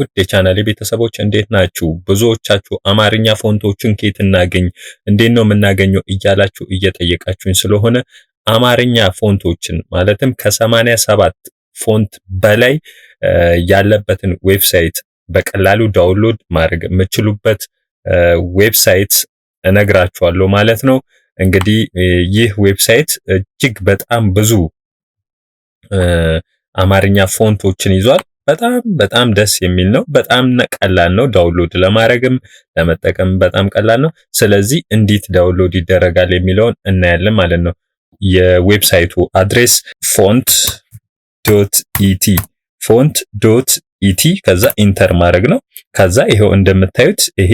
ውድ የቻናሌ ቤተሰቦች እንዴት ናችሁ? ብዙዎቻችሁ አማርኛ ፎንቶችን ኬት እናገኝ፣ እንዴት ነው የምናገኘው እያላችሁ እየጠየቃችሁኝ ስለሆነ አማርኛ ፎንቶችን ማለትም ከሰማንያ ሰባት ፎንት በላይ ያለበትን ዌብሳይት በቀላሉ ዳውንሎድ ማድረግ የምችሉበት ዌብሳይት እነግራችኋለሁ ማለት ነው። እንግዲህ ይህ ዌብሳይት እጅግ በጣም ብዙ አማርኛ ፎንቶችን ይዟል። በጣም በጣም ደስ የሚል ነው። በጣም ቀላል ነው። ዳውንሎድ ለማድረግም ለመጠቀም በጣም ቀላል ነው። ስለዚህ እንዴት ዳውንሎድ ይደረጋል የሚለውን እናያለን ማለት ነው። የዌብሳይቱ አድሬስ ፎንት ዶት ኢቲ ፎንት ዶት ኢቲ ከዛ ኢንተር ማድረግ ነው። ከዛ ይሄው እንደምታዩት ይሄ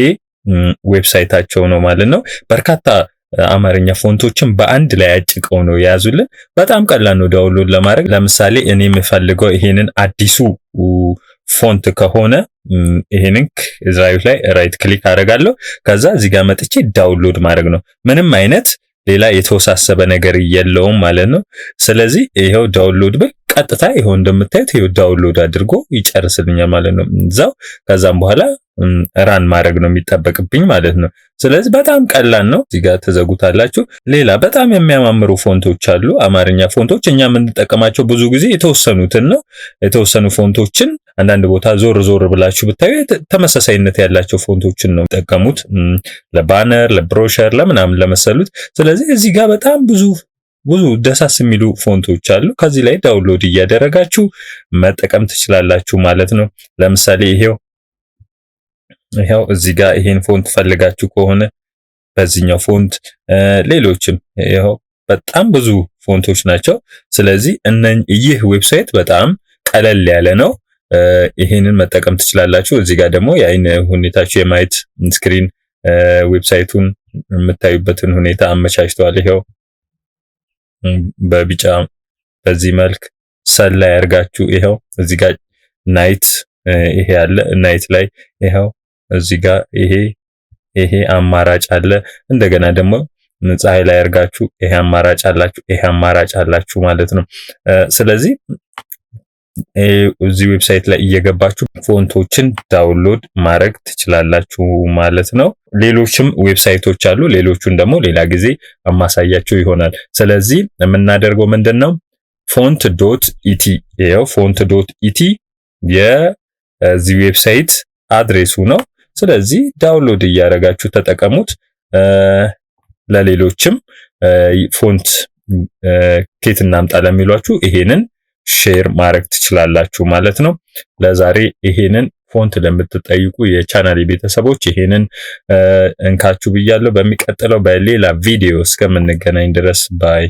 ዌብሳይታቸው ነው ማለት ነው። በርካታ አማርኛ ፎንቶችን በአንድ ላይ አጭቀው ነው የያዙልን። በጣም ቀላል ነው ዳውንሎድ ለማድረግ። ለምሳሌ እኔ የምፈልገው ይሄንን አዲሱ ፎንት ከሆነ ይሄንን እዚሁ ላይ ራይት ክሊክ አደርጋለሁ። ከዛ እዚህ ጋር መጥቼ ዳውንሎድ ማድረግ ነው። ምንም አይነት ሌላ የተወሳሰበ ነገር የለውም ማለት ነው። ስለዚህ ይሄው ዳውንሎድ ብል ቀጥታ ይኸው እንደምታዩት ይኸው ዳውንሎድ አድርጎ ይጨርስልኛል ማለት ነው እዛው። ከዛም በኋላ ራን ማድረግ ነው የሚጠበቅብኝ ማለት ነው። ስለዚህ በጣም ቀላል ነው። እዚህ ጋር ተዘጉታላችሁ። ሌላ በጣም የሚያማምሩ ፎንቶች አሉ፣ አማርኛ ፎንቶች። እኛ የምንጠቀማቸው ብዙ ጊዜ የተወሰኑትን ነው። የተወሰኑ ፎንቶችን አንዳንድ ቦታ ዞር ዞር ብላችሁ ብታዩ ተመሳሳይነት ያላቸው ፎንቶችን ነው የሚጠቀሙት ለባነር፣ ለብሮሸር፣ ለምናምን ለመሰሉት። ስለዚህ እዚህ ጋር በጣም ብዙ ብዙ ደሳስ የሚሉ ፎንቶች አሉ። ከዚህ ላይ ዳውንሎድ እያደረጋችሁ መጠቀም ትችላላችሁ ማለት ነው። ለምሳሌ ይሄው ይሄው እዚህ ጋር ይሄን ፎንት ፈልጋችሁ ከሆነ በዚህኛው ፎንት ሌሎችም ይሄው በጣም ብዙ ፎንቶች ናቸው። ስለዚህ እነኝ ይህ ዌብሳይት በጣም ቀለል ያለ ነው። ይሄንን መጠቀም ትችላላችሁ። እዚህ ጋር ደግሞ የአይን ሁኔታችሁ የማየት ስክሪን ዌብሳይቱን የምታዩበትን ሁኔታ አመቻችተዋል። ይሄው በቢጫ በዚህ መልክ ሰል ላይ አድርጋችሁ ይሄው እዚህ ጋር ናይት ይሄ አለ ናይት ላይ ይሄው እዚህ ጋር ይሄ ይሄ አማራጭ አለ። እንደገና ደግሞ ፀሐይ ላይ አድርጋችሁ ይሄ አማራጭ አላችሁ ይሄ አማራጭ አላችሁ ማለት ነው። ስለዚህ እዚህ ዌብሳይት ላይ እየገባችሁ ፎንቶችን ዳውንሎድ ማድረግ ትችላላችሁ ማለት ነው። ሌሎችም ዌብሳይቶች አሉ። ሌሎቹን ደግሞ ሌላ ጊዜ አማሳያችሁ ይሆናል። ስለዚህ የምናደርገው ምንድን ነው ፎንት ዶት ኢቲ ይኸው ፎንት ዶት ኢቲ የዚህ ዌብሳይት አድሬሱ ነው። ስለዚህ ዳውንሎድ እያደረጋችሁ ተጠቀሙት። ለሌሎችም ፎንት ኬት እናምጣ ለሚሏችሁ ይሄንን ሼር ማድረግ ትችላላችሁ ማለት ነው። ለዛሬ ይሄንን ፎንት ለምትጠይቁ የቻናል ቤተሰቦች ይሄንን እንካችሁ ብያለሁ። በሚቀጥለው በሌላ ቪዲዮ እስከምንገናኝ ድረስ ባይ